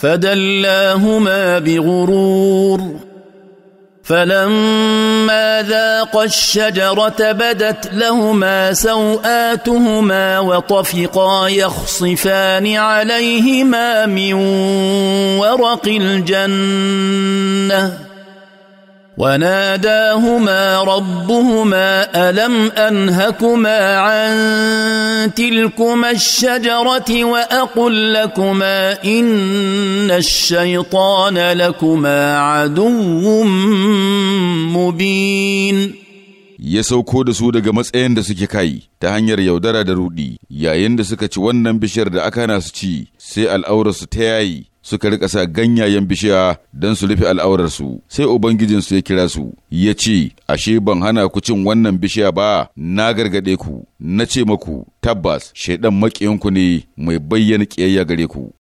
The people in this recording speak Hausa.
فدلاهما بغرور فلما ذاقا الشجرة بدت لهما سوآتهما وطفقا يخصفان عليهما من ورق الجنة وناداهما ربهما الم انهكما عن تلكما الشجره واقل لكما ان الشيطان لكما عدو مبين ya sauko da su daga matsayin da suke kai ta hanyar yaudara da rudi yayin da suka ci wannan bishiyar da aka na su ci sai al'aurarsu ta yayi suka rika sa ganyayen bishiya don su rufe al'aurarsu sai ubangijinsu ya kira su ya ce ashe ban hana ku cin wannan bishiya ba na gargaɗe ku na ce maku tabbas shaidan makiyanku ne mai bayyana kiyayya gare ku